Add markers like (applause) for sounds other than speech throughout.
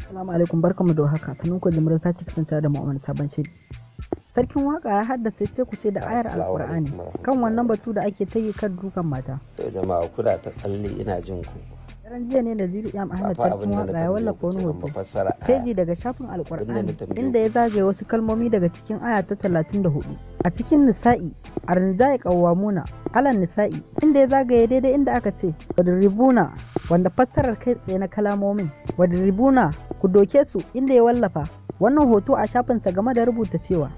Assalamu alaikum mu da haka sanin ku da murza ci kasance da mu'amala sabon shiri. Sarkin waka ya haddasa ce ku ce da ayar alkur'ani kan wannan batu da ake tayi kan dukan mata. To jama'a kuna ta tsalle ina jin ku. Daren jiya ne Naziru ya Ahmed sarkin waka ya wallafa wani hoto. Feji daga shafin alkur'ani inda ya zagaye wasu kalmomi daga cikin aya ta hudu, A cikin nisa'i a kawwamuna alan nisa'i inda ya zagaye daidai inda aka ce wadribuna wanda fassarar kai tsaye na kalamomin wadribuna ku doke su inda ya wallafa wannan hoto a shafinsa game da rubuta cewa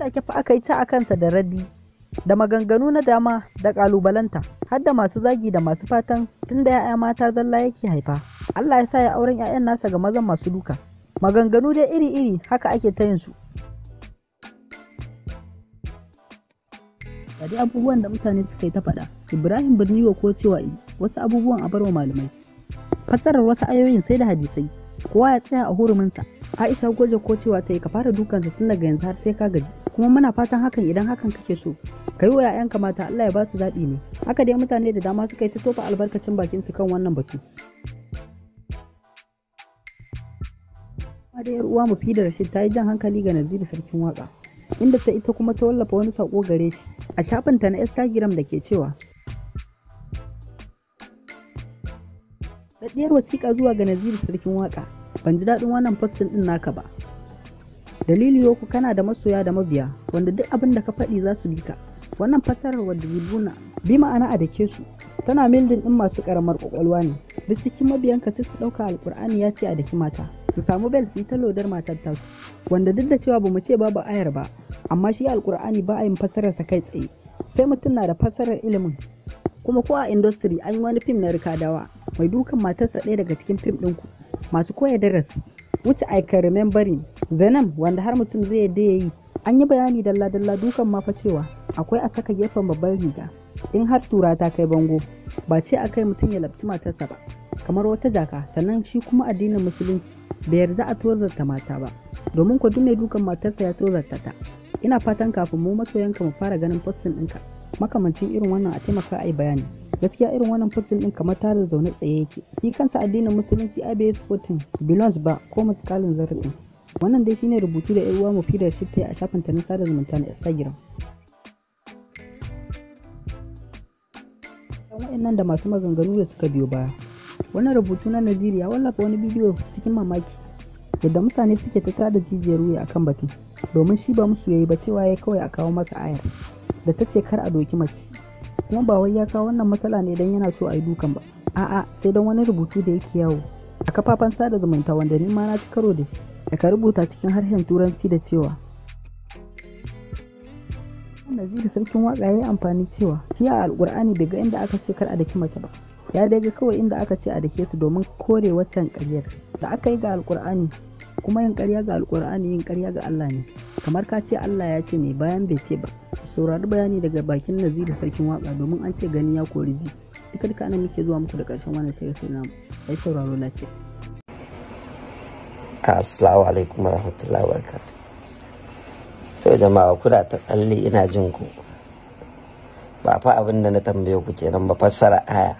take fa aka yi ta akansa da raddi da maganganu na dama da kalubalanta har da masu zagi da masu fatan tunda 'ya'ya mata zalla yake haifa Allah ya sa ya auren 'ya'yan nasa ga mazan masu duka maganganu dai iri-iri haka ake ta yin su dai abubuwan da mutane suka yi ta faɗa ibrahim birniwa ko cewa wasu abubuwan a barwa malamai fassarar wasu ayoyin sai da hadisai kowa ya tsaya a huruminsa aisha goje ko cewa ta yi ka fara dukansa tun daga yanzu har sai ka gaji kuma muna fatan hakan idan hakan kake so ka yi wa 'ya'yanka mata allah ya ba su zaɓi ne haka dai mutane da dama suka yi ta tofa albarkacin bakin su kan wannan batu 'yar uwa mafi da Rashid ta yi jan hankali ga Naziru sarkin waka inda ta ita kuma ta wallafa wani sako gare shi a shafinta na Instagram da ke cewa buɗaɗɗiyar wasiƙa zuwa ga Naziru sarkin waƙa. Ban ji daɗin wannan postin ɗin naka ba. Dalili ku kana da masoya da mabiya wanda duk abin da ka faɗi za su bi ka. Wannan fasarar wadda Bibuna bi ma'ana a dake su tana mildin ɗin masu ƙaramar ƙwaƙwalwa ne. Duk cikin mabiyanka sai su ɗauka Alƙur'ani ya ce a daki mata. Su samu bel su ta lodar matar tasu wanda duk da cewa ba mu ce babu ayar ba amma shi Alƙur'ani ba a yin fasararsa kai tsaye. Sai mutum na da fasarar ilimin kuma ko a industry an yi wani fim na rikadawa mai dukan matarsa ɗaya daga cikin fim ɗinku masu koya darasi wuce I can remember Zanam wanda har mutum zai yadda ya yi an yi bayani dalla-dalla dukan mafa cewa akwai a saka gefen babban riga in har tura ta kai bango ba ce a kai mutum ya labci matarsa ba kamar wata jaka sannan shi kuma addinin musulunci bai yarda a tozarta mata ba domin ku duk mai dukan matarsa ya tozarta ta ina fatan kafin mu masoyanka mu fara ganin postin ɗinka makamancin irin wannan a taimaka a yi bayani gaskiya irin wannan fotin din kamar tare zaune tsaye yake shi kansa addinin musulunci a bayan sporting bilons ba ko masu kalin zarafin wannan dai shine rubutu da mafi mufida shi ta yi a shafin ta na sada zumunta na instagram nan da masu maganganu da suka biyo baya wannan rubutu na najeriya wallafa wani bidiyo cikin mamaki yadda mutane suke ta tada jijiyar wuya akan batun domin shi ba musu yayi ba cewa ya kawai a kawo masa ayar da ta ce kar a doki mace kuma ba wai ya kawo wannan matsala ne don yana so a yi dukan ba a'a sai don wani rubutu da yake yawo a kafafen sada zumunta wanda ni ma na ci karo da shi ka rubuta cikin harshen turanci da cewa naziru sarkin waka ya yi amfani cewa shi a alkur'ani daga inda aka ce kar a daki mace ba ya daga kawai inda aka ce a dake su domin kore waccan karyar da aka yi ga alkur'ani kuma yin ƙarya ga alkur'ani yin ƙarya ga Allah ne kamar ka ce Allah ya ce ne bayan bai ce ba saurari bayani daga bakin naziri sarkin waka domin an ce gani ya kori ji duka duka anan muke zuwa muku da ƙarshen wannan shirin sai na ai sauraro ce assalamu alaikum warahmatullahi wabarakatuh to jama'a kuna ta tsalle ina jin ku ba fa abin da na tambaye ku kenan ba fassara aya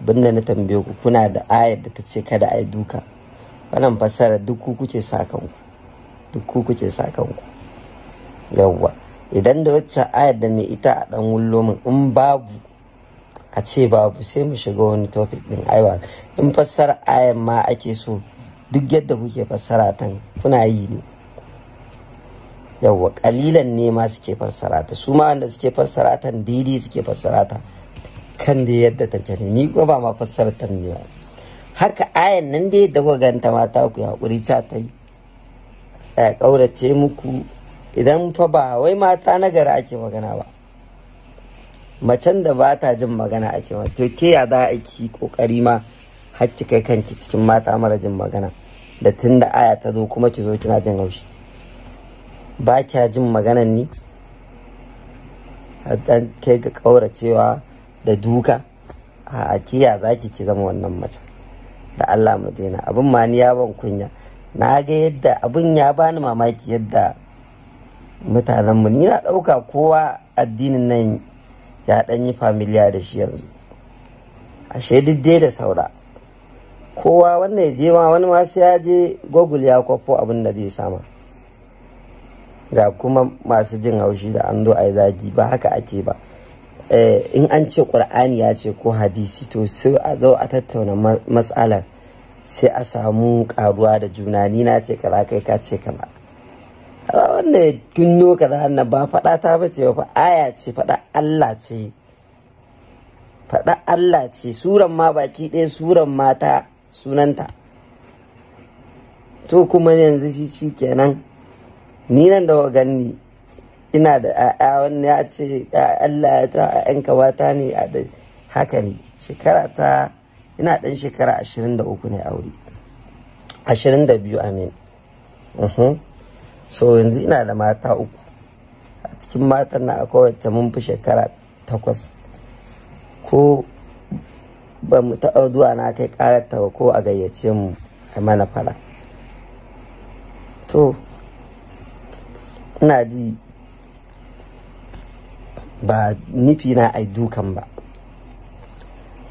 abin da na tambaye ku kuna da ayar da ta ce kada a yi duka wannan fassara duk kuke sa kanku duk kuke sa kanku yawwa idan da wacce ayar da mai ita a dan wullo mun in babu a ce babu sai mu shiga wani topic din aiwa in fassara ayar ma ake so duk yadda kuke fassara ta kuna yi ne yawwa kalilan ne ma suke fassara ta su ma wanda suke fassara ta daidai suke fassara ta kan da yadda take ne ni ko ba ma fassara ta ne ba haka ayan nan dai da kuka ganta mata ku hakuri ta ta yi a ƙaurace muku idan fa ba wai mata na ake magana ba macen da ba ta jin magana ake magana to ke ya za a ki ƙoƙari ma har ki kai kanki cikin mata mara jin magana da tun da aya ta zo kuma ki zo kina jin haushi ba kya jin magana ni dan kai ga ƙauracewa da duka a kiya za ki ki zama wannan macen da Allah mu daina abin ma ni ya kunya na ga yadda abin ya bani mamaki yadda mutanenmu ni na ɗauka kowa addinin nan ya ɗan yi familiya da shi yanzu ashe diddai da saura kowa wannan ya je ma wani ma sai ya je google ya kwafo abin da zai sama ga kuma masu jin haushi da an zo a yi zagi ba haka ake ba Eh, in an ce ƙur'ani ya ce ko hadisi to sai a zo a tattauna matsalar sai a samu karuwa da juna ni na ce kaza kai ka ce kaza wannan tunno kaza na ba faɗa ta ce ba aya ce faɗa Allah ce faɗa Allah ce suran ma baki ɗaya suran mata sunanta to kuma yanzu shi kenan ni nan da ganni ina da ‘ya'ya wani ya ce Allah ya ta ‘yan wata ne a da haka ne shekara ta ina dan shekara 23 ne aure 22 amin so yanzu ina da mata uku a cikin matan na akwai wacce mun fi shekara takwas ko ba mu taɓa zuwa na kai ƙarar ba ko a gayyace mu a mana fara to ina ji ba nufi na ai dukan ba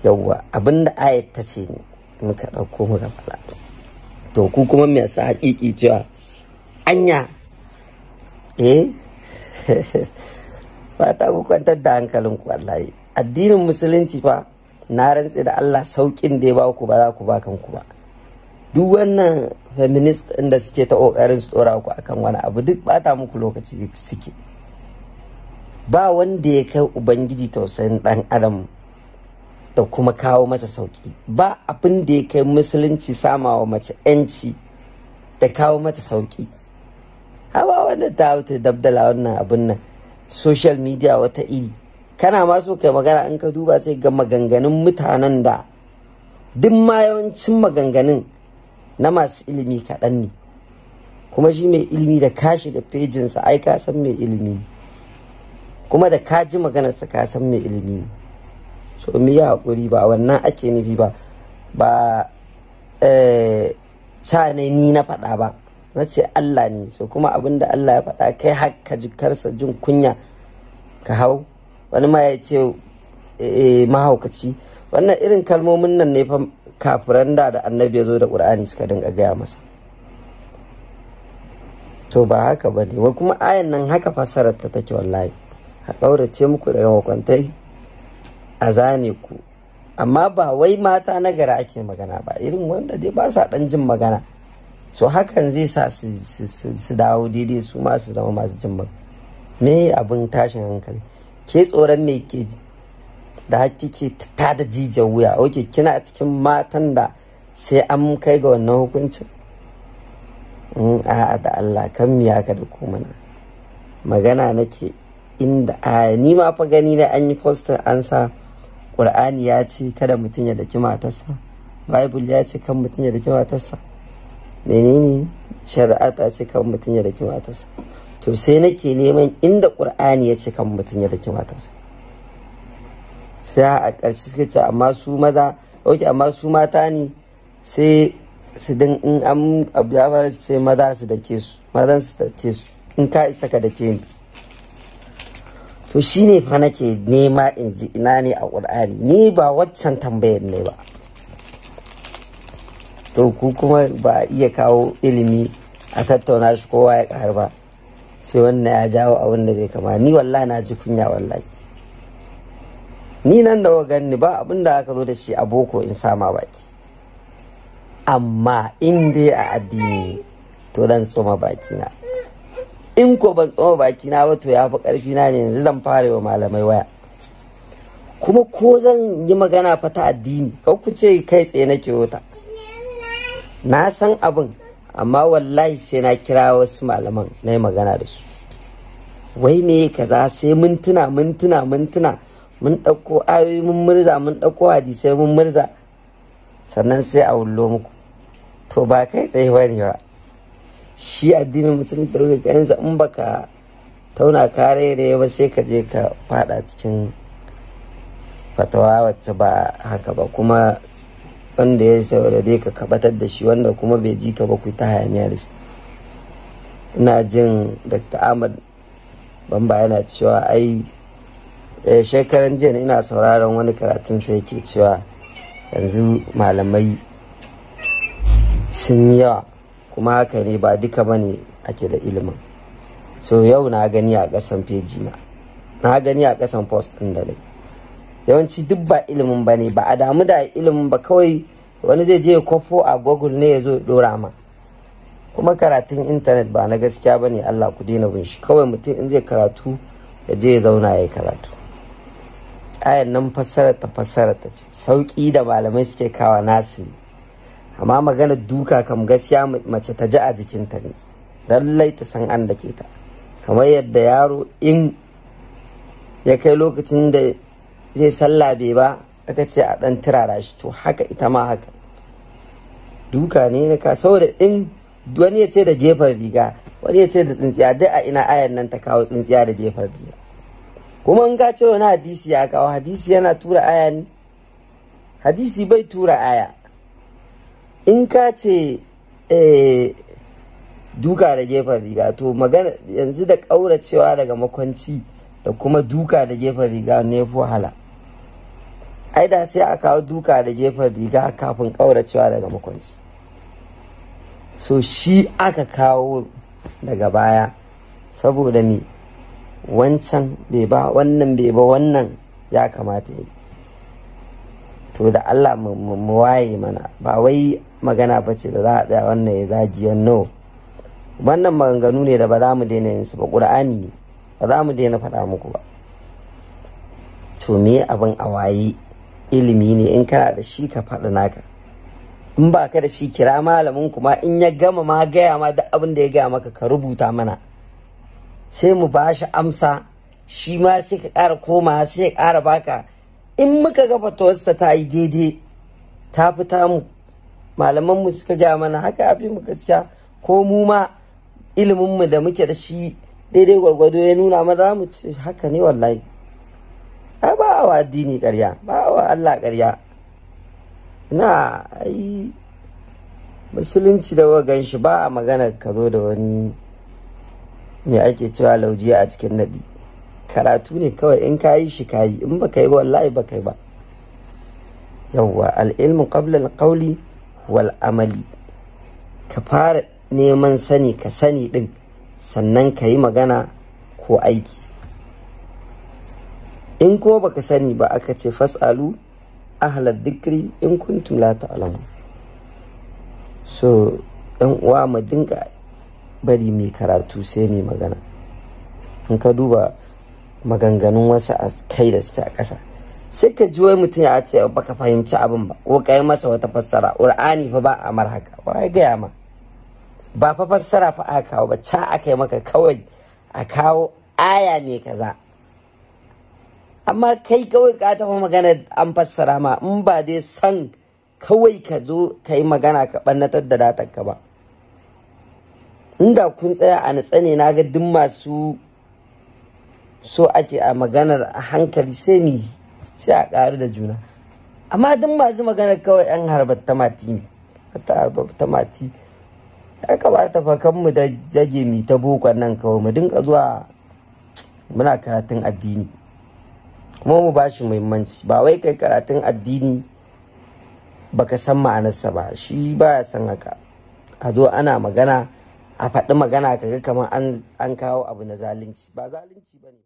yauwa abinda ayat ta ce ne muka ɗauko muka fara to ku kuma me yasa hakiki cewa anya eh (laughs) ta ku kwantar da hankalin ku wallahi addinin musulunci fa na rantse da Allah saukin da ya ba ku ba za ku ba kanku ba duk wannan feminist inda suke ta kokarin su dora ku akan wani abu duk bata muku lokaci suke ba wanda ya kai ubangiji tausayin ɗan adam da kuma kawo masa sauƙi ba abin da ya kai musulunci samawa mace 'yanci da kawo mata sauƙi hawa wanda ta wuce dabdala wannan abin nan social media wata iri kana ma so kai magana in ka duba sai ga maganganun mutanen da duk ma yawancin maganganun na masu ilimi kaɗan ne kuma shi mai ilimi da kashi da fejinsa ai ka san mai ilimi kuma da ka ji maganarsa ka san mai ilimi ne so mu yi haƙuri ba wannan ake nufi ba ba eh, sa ne ni na faɗa ba na ce Allah ne so kuma abin da Allah ya faɗa kai har ka jikarsa jin kunya ka hau wani ma ya ce eh, mahaukaci wannan irin kalmomin nan ne fa kafiran da da annabi ya zo da ƙur'ani suka dinga gaya masa to ba haka ba ne wa kuma ayan nan haka fasarar ta take wallahi a ƙaurace muku daga makwantai a zane ku amma ba wai mata na ake magana ba irin wanda dai ba sa ɗan jin magana so hakan zai sa su dawo daidai su ma su zama masu jin magana me abin tashin hankali ke tsoron me ke da hakiki ta da jijiyar wuya oke kina cikin matan da sai an kai ga wannan hukuncin in mm, a'a da Allah kan miya da komana magana nake inda a ni ma fa gani da an yi poster an sa ƙur'ani ya ce kada mutum ya daki matarsa bible ya ce kan mutum ya daki matarsa menene shari'a ta ce kan mutum ya daki matarsa to sai nake neman inda ƙur'ani ya ce kan mutum ya daki matarsa sai a ƙarshe suka ce amma su maza ok amma su mata ne sai su din in an abu ya fara sai maza su dake su mazan su dake su in ka isa ka dake ni to shi ne fa nake nema in ji ina ne a ƙur'ani ni ba waccan tambayar ne ba to ku kuma ba a iya kawo ilimi a tattauna shi kowa ya ƙar ba sai wannan ya jawo abin da bai kama ni wallahi na ji kunya wallahi ni nan da ganni ba abin da aka zo da shi a boko in sama baki amma in dai a addini to zan tsoma na. in ko ban tsoma baki na ba to ya fi karfi na ne yanzu zan fara wa malamai waya kuma ko zan yi magana fa ta addini ko ku ce kai tsaye na wata na san abin amma wallahi sai na kira wasu malaman na yi magana da su wai me kaza sai mintuna mintuna mintuna mun ɗauko ayoyi mun murza mun ɗauko hadisai mun murza sannan sai a wullo muku to ba kai tsaye ba ne ba shi addinin musulunci da wuce kayansa in baka tauna kare ne ba sai ka je ka fada cikin fatawa wacce ba haka ba kuma wanda ya dai ka kabatar da shi wanda kuma bai ji ka ba ku ta hayaniya da shi ina jin dr ahmad bamba yana cewa ai eh, shekaran jiya ina sauraron wani karatun sai yake cewa yanzu malamai sun yi yawa kuma haka ne ba duka ba ne ake da ilimin so yau na gani a kasan feji na na gani a kasan post din da yawanci duk ba ilimin ba ne ba a damu da ilimin ba kawai wani zai je kwafo a google ne ya zo dora ma kuma karatun intanet ba na gaskiya ba ne allah ku daina bin shi kawai mutum in zai karatu ya je ya zauna ya yi karatu ayan nan fassara ta fassara ta ce sauƙi da malamai suke kawa nasu ne amma magana duka kam gaskiya mace ta ji a jikinta ne lallai ta san an ke ta kamar yadda yaro in ya kai lokacin da zai sallah bai ba aka ce a dan turara shi to haka ita ma haka duka ne na ka saboda in wani ya ce da gefen riga wani ya ce da tsintsiya duk a ina ayan nan ta kawo tsintsiya da gefen riga kuma in ka ce wani hadisi ya kawo hadisi yana tura aya ne hadisi bai tura aya in ka ce eh, duka da gefen riga to magana yanzu da ƙauracewa daga makwanci da kuma duka da gefen riga ne fi wahala ai da sai a kawo duka da gefen riga kafin ƙauracewa daga makwanci so shi aka kawo daga baya saboda me wancan bai ba wannan bai ba wannan ya kamata yi to da allah mu waye mana ba wai magana ba ce da za a tsaya wannan ya zagiyar no wannan maganganu ne da ba za mu daina yin su ba ƙur'ani ne ba za mu daina faɗa muku ba to me abin a waye ilimi ne in kana da shi ka faɗi naka in ba ka da shi kira malamin kuma in ya gama ma gaya ma duk abin da ya gaya maka ka rubuta mana sai mu ba shi amsa shi ma sai ka ƙara koma sai ya ƙara baka in muka ga fatawarsa ta yi daidai ta fita mu malaman mu suka gaya mana haka ya mu gaskiya ko mu ma ilimin mu da muke da shi daidai gwargwado ya nuna mana za mu ce haka ne wallahi ai ba wa addini ƙarya ba wa Allah ƙarya na ai musulunci da wagan shi ba a magana ka zo da wani me ake cewa lauje a cikin nadi karatu ne kawai in kayi shi ka yi in ba ka yi wallahi ba ka yi ba yawwa al-ilmu qabla al-qawli wal amali ka fara neman sani ka sani ɗin sannan ka yi magana ko aiki in ko baka sani ba aka ce fasalu ahlal dikri in kuntum la ta'lamu so dan uwa mu dinga bari mai karatu sai mai magana in ka duba maganganun wasu a kai da suke a ƙasa sai ka ji wai mutum ya ce baka fahimci abin ba ko kai masa wata fassara qur'ani fa ba a mar haka wai gaya ma ba fa fassara fa aka kawo ba ca aka yi maka kawai a kawo aya mai kaza amma kai kawai ka tafi magana an fassara ma in ba dai san kawai ka zo ka yi magana ka ɓannatar da datar ka ba inda kun tsaya a na ne na ga duk masu so ake a maganar a hankali sai mu yi sai a ƙaru da juna amma duk masu magana kawai yan harbar tamati ne ta harbar tamati ya kamata fa kanmu da jage mi ta bokon nan kawai mu dinga zuwa muna karatun addini kuma mu ba shi muhimmanci ba wai kai karatun addini baka san ma'anarsa ba shi ba ya san haka a zo ana magana a faɗi magana kaga kamar an kawo abu na zalunci ba zalunci ba ne